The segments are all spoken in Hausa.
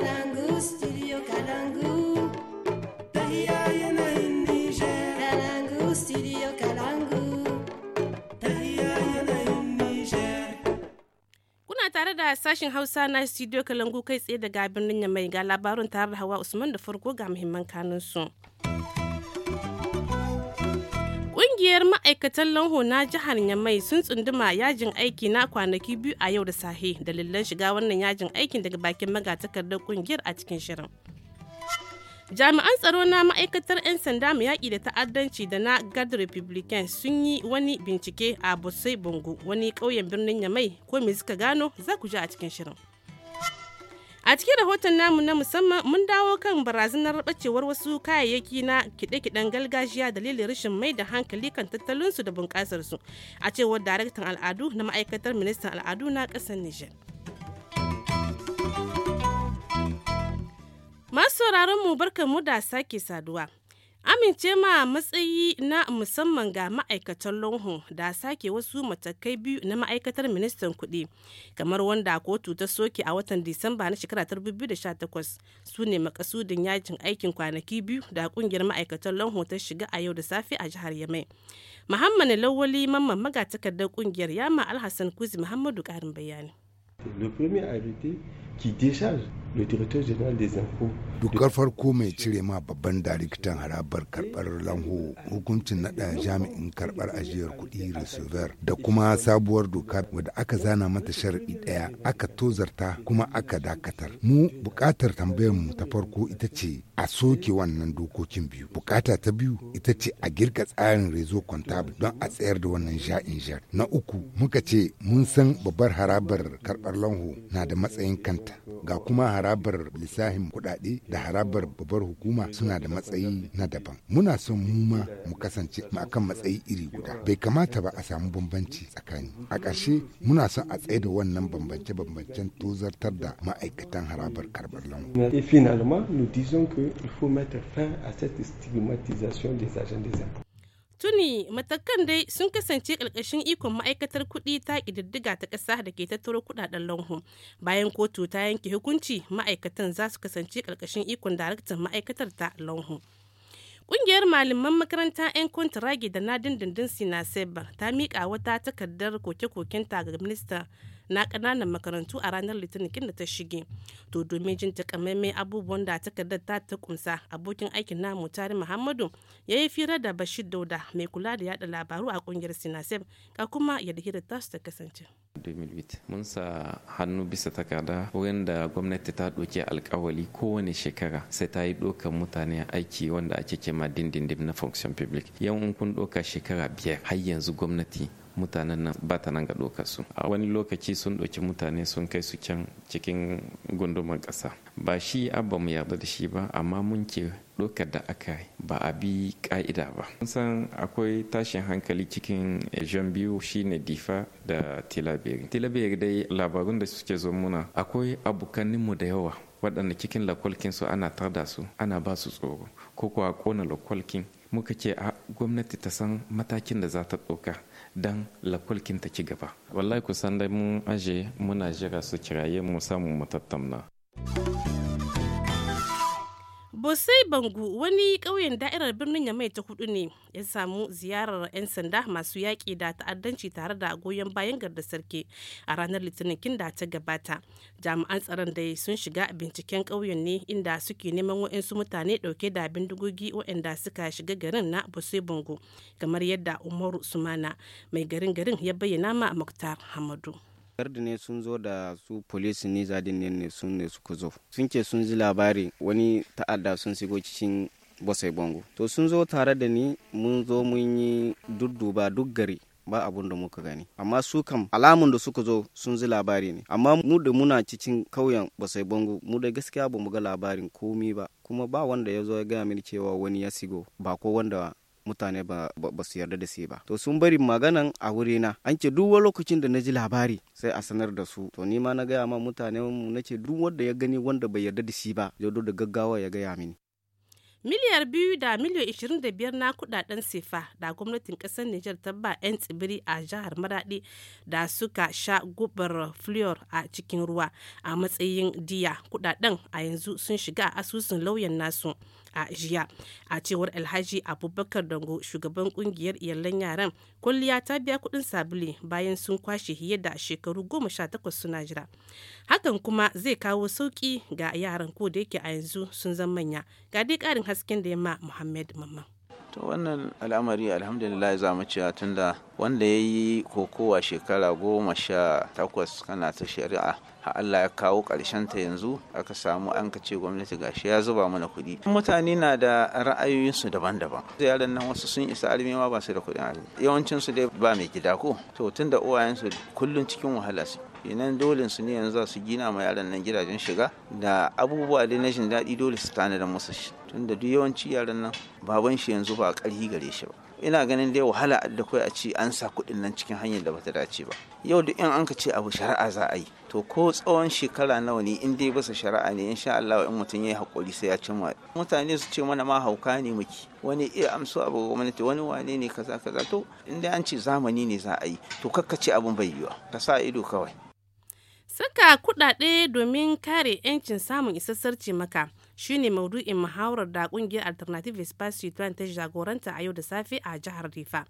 kuna tare da sashin hausa na studio kalangu kai tsaye daga birnin yamai ga labarin tare da hawa usman da farko ga muhimman kanunsu. su kungiyar ma'aikatan lanho na jihar nyamai sun tsunduma yajin aiki na kwanaki biyu a yau da sahe dalilan shiga wannan yajin aikin daga bakin magatakardar kungiyar a cikin shirin. Jami'an tsaro na ma'aikatar 'yan sanda mu yaƙi da ta'addanci da na Guard Republican sun yi wani bincike a Bosai Bongo wani ƙauyen birnin nyamai ko me suka gano za ku ji a cikin shirin. A cikin rahoton namu na musamman mun dawo kan barazanar bacewar wasu kayayyaki na kide-kiden gargajiya dalilin rashin mai da hankali kan tattalinsu da bunƙasarsu a cewar daraktan al'adu na ma'aikatar ministan al'adu na ƙasar Nijar. Masu sauraron mu barkan mu da sake saduwa. amince ma matsayi na musamman ga ma'aikatan lonho da sake wasu matakai biyu na ma'aikatar ministan kuɗi kamar wanda kotu ta soke a watan disamba na shekara 2018 su ne makasudin yajin aikin kwanaki biyu da kungiyar ma'aikatan lonho ta shiga a yau da safe a jihar yamai muhammad lawali mamman magatakardar kungiyar yama alhassan kuzi muhammadu karin bayani dukkar farko mai cire ma babban daraktan harabar karbar lanho hukuncin nada jami'in karbar ajiyar kuɗi receiver da kuma sabuwar doka wadda aka zana mata sharaɗi ɗaya aka tozarta kuma aka dakatar. Mu buƙatar tambayar mu ta farko ita ce a soke wannan dokokin biyu. Bukata ta biyu ita ce a girka tsarin rezo kwantabu don a tsayar da wannan sha'in jar. Na uku muka ce mun san babbar harabar karbar lanho na da matsayin kanta ga kuma harabar lissafin kudade da harabar babbar hukuma suna da matsayi na daban muna son mu ma mu kasance akan matsayi iri guda bai kamata ba a samu bambanci tsakani a ƙarshe muna son a tsaye da wannan bambance-bambancen tozartar da ma'aikatan harabar karbar lamu. Et finalement, nous disons il faut mettre fin à cette stigmatisation des agents tuni matakan dai sun kasance ƙarƙashin ikon ma'aikatar kuɗi ta ƙididdiga ta ƙasa da ke tattaro kuɗaɗen lanhu bayan kotu ta yanke hukunci ma'aikatan za su kasance ƙarƙashin ikon daraktan ma'aikatar ta lanhu Ƙungiyar malaman makaranta 'yan kontragi da na dindindin sinasebar ta miƙa wata takardar koke-kokenta ga minista na ƙananan makarantu a ranar litinin da ta shige to domin jin takamaimai abubuwan da takardar ta ta kumsa abokin aikin namu tari muhammadu ya yi fira da bashir dauda mai kula da yada labaru a kungiyar sinasef ka kuma yadda ta tasu ta kasance 2008 mun sa hannu bisa takarda wurin da gwamnati ta doke alkawali kowane shekara sai ta yi ɗaukar mutane aiki wanda ake kema dindindin na function public yan in kun ɗauka shekara biyar har yanzu gwamnati mutanen nan ba ta nan ga dokar su a wani lokaci sun ɗauki mutane sun kai su can cikin gundumar ƙasa ba shi abba mu yarda da shi ba amma mun ce ɗaukar da aka yi ba a bi ƙa'ida ba mun san akwai tashin hankali cikin jan biyu shine difa da tilaberi tilaberi dai labarun da suke zo muna akwai abokaninmu da yawa waɗanda cikin lakwalkin su ana tarda su ana ba su tsoro ko kuwa kona lakwalkin muka ce a gwamnati ta san matakin da za ta ɗauka dan lakwalkin ta ci gaba wallahi kusan dai mun aje muna jira su kiraye mu samu mu tattauna bosai bangu wani ƙauyen da'irar birnin yamai ta kudu ne ya samu ziyarar 'yan sanda masu yaƙi da ta'addanci tare da goyon bayan garda sarki a ranar litinin kin da ta gabata jami'an tsaron da sun shiga binciken ƙauyen ne inda suke neman wa'insu mutane ɗauke da bindigogi wa'inda suka shiga garin na bosai bangu kamar yadda umaru sumana mai garin garin ya bayyana ma muktar hamadu da ne sun zo da su polisi ne zadin ne ne sun ne suka zo sun ce sun ji labari wani ta'adda sun sigo cikin basai bango to sun zo tare da ni mun zo mun yi dudduba duk gari ba abun da muka gani amma su kam alamun da suka zo sun ji labari ne amma mu da muna cikin kauyen basai bango mu da gaskiya ba mu ga labarin komi ba kuma ba wanda ya zo ya gaya mini cewa wani ya sigo ba ko wanda mutane ba, ba, su yarda da su ba to sun bari maganan a wurina an ce duk wani lokacin da na ji labari sai a sanar da su to ni ma na gaya ma mutane mu na ce duk wanda ya gani wanda bai yarda da shi ba ya da gaggawa ya gaya mini miliyar biyu da miliyan 25 na kudaden sefa da gwamnatin kasar niger ta ba 'yan tsibiri a jihar Maradi da suka sha gubar fluor a cikin ruwa a matsayin diya kudaden a yanzu sun shiga asusun lauyan nasu. a jiya a cewar alhaji abubakar dango shugaban kungiyar iyalan yaran kwalliya ta biya kudin sabili bayan sun kwashe hira da shekaru goma sha takwas suna jira hakan kuma zai kawo sauki ga yaran ko da yake a yanzu sun zama manya ga dai karin hasken da yamma muhammad mamman to wannan al'amari alhamdulillah za mu cewa tunda wanda ya yi kokowa shekara goma sha takwas kana ta shari'a Allah ya kawo ta yanzu aka samu an ka ce gwamnati gashi ya zuba mana kuɗi mutane na da ra'ayoyinsu daban-daban yaran nan wasu sun isa almi ma ba su da kuɗin alimi yawancin dai ba mai gida ko to tun da uwayensu kullun cikin wahala su Inan dole su ne yanzu za su gina ma yaran nan gidajen shiga da abubuwa dai na jin daɗi dole su da musu tunda duk yawanci yaran nan baban shi yanzu ba ƙarfi gare shi ba ina ganin dai wahala da kai a ci an sa kuɗin nan cikin hanyar da bata dace ba yau duk in an ka ce abu shari'a za a yi to ko tsawon shekara nawa ne in dai basa shari'a ne insha Allah in mutum yayi hakuri sai ya cimma mutane su ce mana ma hauka ne muke wani iya eh, amso abu gwamnati wani wane ne kaza kaza to in dai an ce zamani ne za a yi to kakkace abun bai yiwa ka sa ido kawai saka kuɗaɗe domin kare 'yancin samun isassar cimaka shine maudu'in muhawarar da kungiyar alternative espace citoyen ta jagoranta a yau da safe a jihar rifa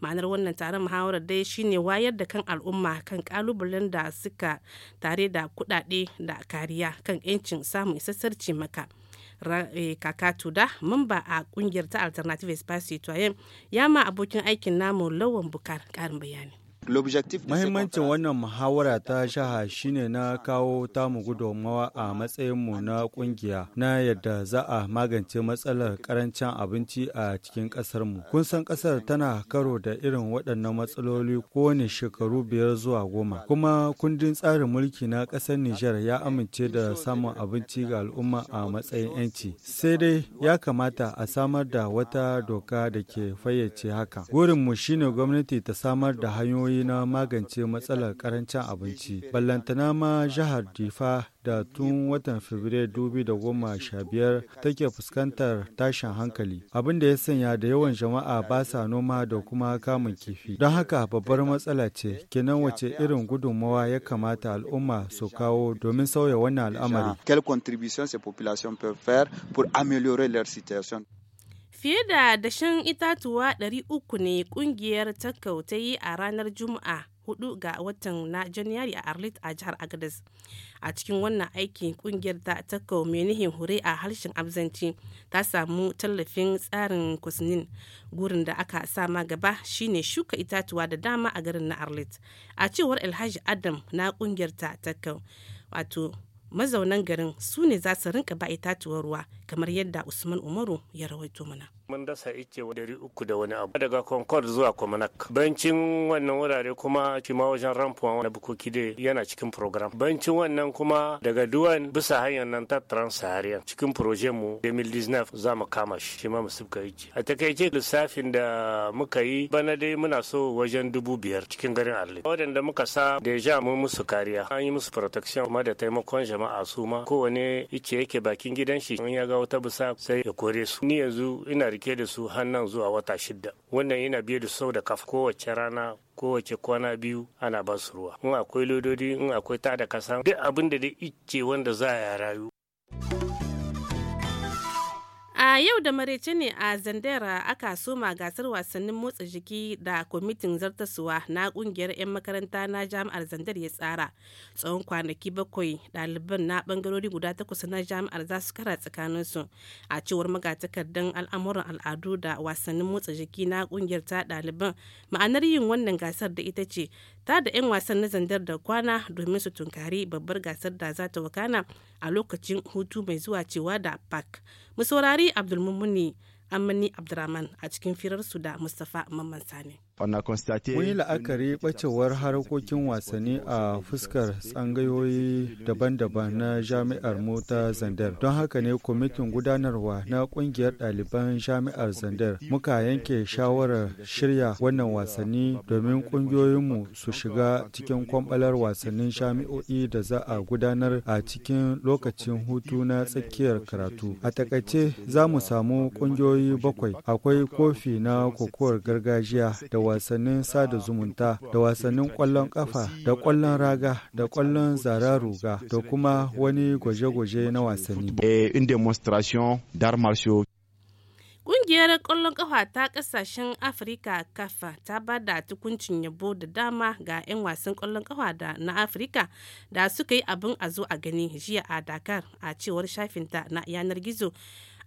ma'anar wannan taron muhawarar dai shine wayar da kan al'umma kan kalubalen da suka tare da kudade da kariya kan 'yancin samun isassar cimaka. E, kaka tuda mamba a kungiyar ta alternative espace ya ma abokin aikin namu lawan bukar karin bayani Mahimmancin wannan muhawara ta shaha shine na kawo tamu gudunmawa a matsayinmu na kungiya na yadda za a magance matsalar karancin abinci a cikin ƙasarmu. Kun san ƙasar tana karo da irin waɗannan matsaloli kowane shekaru biyar zuwa goma. Kuma kundin tsarin mulki na ƙasar Nijar ya amince da samun abinci ga al'umma a matsayin 'yanci. Sai dai ya kamata a samar da wata doka da ke fayyace haka. Gurinmu shine gwamnati ta samar da hanyoyi hanyoyi na magance matsalar karancin abinci. Ballantana ma jihar Difa da tun watan Fabrairu sha biyar take fuskantar tashin hankali. Abin da ya sanya da yawan jama'a ba sa noma da kuma kamun kifi. Don haka babbar matsala ce, kenan wace irin gudunmawa ya kamata al'umma su kawo domin sauya wannan al'amari. Fiye da dashen itatuwa 300 ne kungiyar takau ta yi a ranar Juma'a 4 ga watan na Janairu a Arlit a jihar Agadez. A cikin wannan aikin kungiyar ta takau mai nihin hure a harshen Abzanci ta samu tallafin tsarin Kusnin. Gurin da aka sama gaba shine shuka itatuwa da dama a garin na Arlit. A cewar Alhaji Adam na kungiyar ta takau wato mazaunan garin su ne za su rinka ba itatuwar ruwa kamar yadda Usman Umaru ya rawaito mana. Mun dasa ice dari uku da wani abu daga Concord zuwa kumanak. Bancin wannan wurare kuma shi ma wajen ramfuwa na bukuki dai yana cikin program. Bancin wannan kuma daga Duwan bisa hanyar nan ta Trans-Saharan cikin proje mu 2019 za mu kama shi shi ma musu ka ice. A takaice lissafin da muka yi bana dai muna so wajen dubu biyar cikin garin Arlit. Waɗanda muka sa deja mu musu kariya an yi musu protection kuma da taimakon jama'a su ma kowane ice yake bakin gidan shi in ya ga wata bisa sai ya kore su ni yanzu ina rike da su hannan zuwa wata shida wannan yana biye da sau da kaf kowace rana kowace kwana biyu ana ba su ruwa in akwai lododi in akwai tada kasa duk abin da da icce wanda za a rayu. A yau da marece ne a Zandera aka soma gasar wasannin motsa jiki da kwamitin zartaswa na kungiyar 'yan makaranta na jami'ar Zandar ya tsara. Tsawon kwanaki bakwai ɗaliban na bangarori guda takwas na jami'ar za su kara tsakaninsu. A cewar magatakardan al'amuran al'adu da wasannin motsa jiki na kungiyar ta ɗaliban ma'anar yin wannan gasar da ita ce ta da 'yan wasan na Zandar da kwana domin su tunkari babbar gasar da za ta wakana a lokacin hutu mai zuwa cewa da pak mu saurari abdulmumuni Amani Abdurrahman a cikin firarsu da Mustapha Mamman Sani. yi la'akari ɓacewar harkokin wasanni a fuskar tsangayoyi daban-daban na jami'ar mota Zandar. Don haka ne kwamitin gudanarwa na ƙungiyar ɗaliban jami'ar Zandar muka yanke shawarar shirya wannan wasanni domin ƙungiyoyinmu su shiga cikin kwambalar wasannin jami'o'i da za a gudanar a cikin lokacin hutu na tsakiyar karatu. A takaice za mu samu kungiyoyi kungiyoyi bakwai akwai kofi na kokowar gargajiya da wasannin sada zumunta da wasannin kwallon kafa da kwallon raga da kwallon zara ruga da kuma wani gwaje-gwaje na wasanni. Eh, Ƙungiyar ƙwallon ƙafa ta ƙasashen Afirka kafa ta ba da tukuncin yabo da dama ga 'yan wasan ƙwallon ƙafa da na Afirka da suka yi abin a zo a gani jiya a Dakar a cewar shafinta na yanar gizo.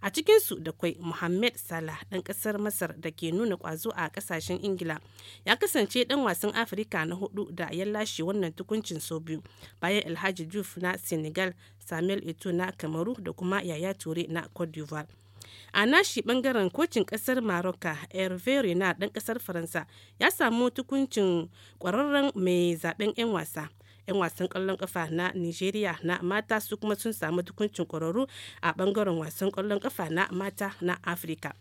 a cikinsu da kwai muhammad salah ɗan ƙasar masar da ke nuna ƙwazo a ƙasashen ingila ya kasance ɗan wasan afirka na hudu da ya lashe wannan tukuncin sau biyu bayan alhaji juf na senegal samuel eto na kamaru da kuma yaya ture na cote d'ivoire a nashi bangaren kocin kasar maroka hervé na dan kasar faransa ya samu tukuncin kwararren mai zaben 'yan wasa 'yan wasan kallon kafa na nigeria na mata su kuma sun samu tukuncin kwararru a bangaren wasan kwallon kafa na mata na afirka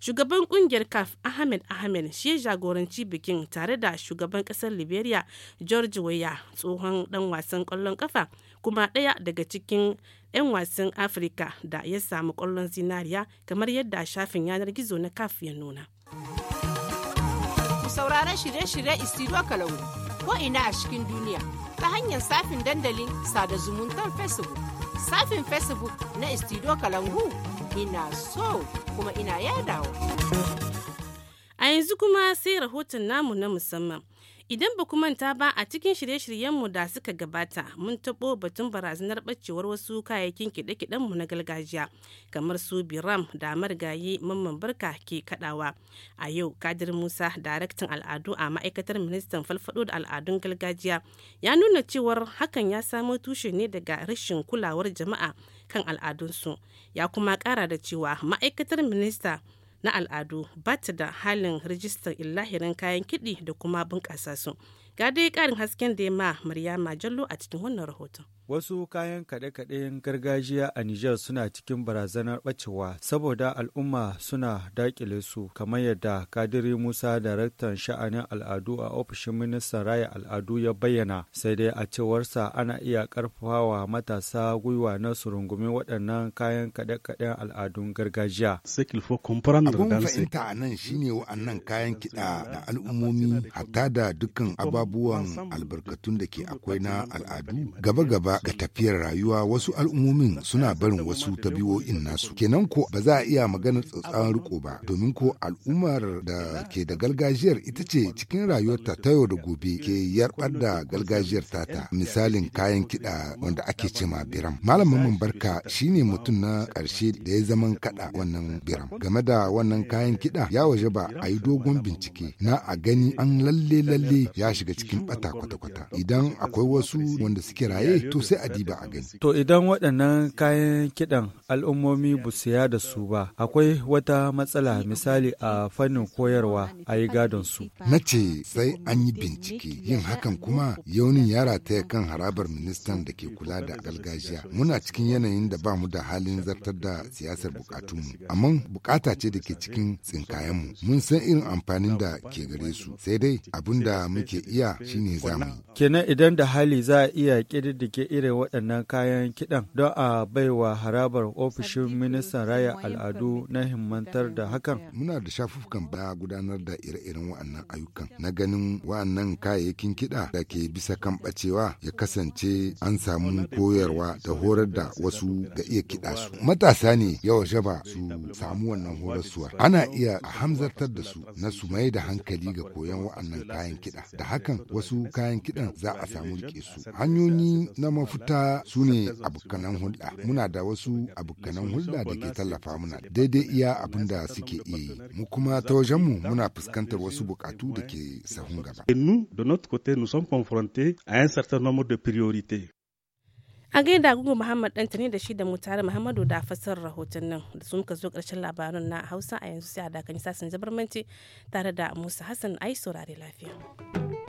shugaban kungiyar caf ahmed ahmed shi ya jagoranci bikin tare da shugaban kasar liberia george weah tsohon dan wasan kwallon kafa kuma ɗaya daga cikin 'yan wasan afirka da ya samu kwallon zinariya kamar yadda shafin yanar gizo na caf ya nuna sauraron shirye-shirye istiro kalau ko ina a cikin duniya ta hanyar safin dandalin sada zumuntar facebook safin facebook na istido kalangu ina so kuma ina yadawa a yanzu kuma sai rahoton namu na musamman Idan ba manta ba a cikin shirye-shiryenmu da suka gabata mun taɓo batun barazanar ɓacewar wasu kayayyakin kiɗe-kiɗenmu na gargajiya kamar su biram da marigayi mamman barka ke kaɗawa. A yau Kadir Musa daraktan al'adu a ma'aikatar ministan falfaɗo da al'adun gargajiya ya nuna cewar hakan ya samo tushe ne daga rashin kulawar jama'a kan al'adunsu ya kuma ƙara da cewa ma'aikatar minista na al'adu ba ta da halin rijistar illahirin kayan kiɗi da kuma bunƙasa su ga dai ƙarin hasken da ya ma maryama jallo a cikin wannan rahoton Wasu kayan kaɗe-kaɗen gargajiya a Nijar suna cikin barazanar ɓacewa saboda al'umma suna daƙile su kamar yadda Kadiri Musa daraktan sha'anin al'adu a ofishin ministan raya al'adu ya bayyana sai dai a cewarsa ana iya ƙarfafawa matasa gwiwa na su waɗannan kayan kaɗe-kaɗen al'adun gargajiya. Abun fahimta a nan shine wa'annan kayan kiɗa da al'ummomi hatta da dukkan ababuwan albarkatun da ke akwai na al'adu gaba-gaba gaba ga tafiyar rayuwa wasu al'ummomin suna barin wasu tabiwo'in nasu kenan ko ba za a iya maganar tsatsan riko ba domin ko al'ummar da ke da galgajiyar ita ce cikin rayuwarta ta yau da gobe ke yarbar da gargajiyar tata misalin kayan kiɗa wanda ake cema biram malamin barka shine mutum na ƙarshe da ya zaman kaɗa wannan biram game da wannan kayan kiɗa ya waje ba a yi dogon bincike na a gani an lalle lalle ya shiga cikin bata kwata-kwata idan akwai wasu wanda suke raye to sai a diba a gani. To idan waɗannan kayan kiɗan al'ummomi ba su da su ba, akwai wata matsala misali a fannin koyarwa a yi gadon su. Na ce sai an yi bincike yin hakan kuma yaunin yara ta kan harabar ministan da ke kula da gargajiya. Muna cikin yanayin da ba mu da halin zartar da siyasar mu amma bukata ce da ke cikin tsinkayenmu. Mun san irin amfanin da ke gare su, sai dai abin da muke iya shine zamu. Kenan idan da hali za a iya ƙididdige irin waɗannan kayan kiɗan don a baiwa harabar ofishin ministan raya al'adu na himmantar da hakan. Muna da shafukan baya gudanar da ire-iren waɗannan ayyukan na ganin waɗannan kayayyakin kiɗa da ke bisa kan ɓacewa ya kasance an samu koyarwa da horar da wasu ga iya kiɗa su. Matasa ne yawa shaba su samu wannan horaswar. Ana iya hamzartar da su na su mai da hankali ga koyon waɗannan kayan kiɗa. Da hakan wasu kayan kiɗan za a samu rike su. Hanyoyi na mafuta su ne abokanan hulɗa muna da wasu abokanan hulɗa da ke tallafa muna daidai iya abin da suke iya yi mu kuma ta wajenmu muna fuskantar wasu bukatu da ke sahun gaba. da gani da côté, nous sommes confrontés Gugu Muhammad da shi da Mutare Muhammadu da fasar rahoton nan da sun ka zo ƙarshen labarin na Hausa a yanzu sai a dakani sasin zabarmanci tare da Musa Hassan ai saurari lafiya.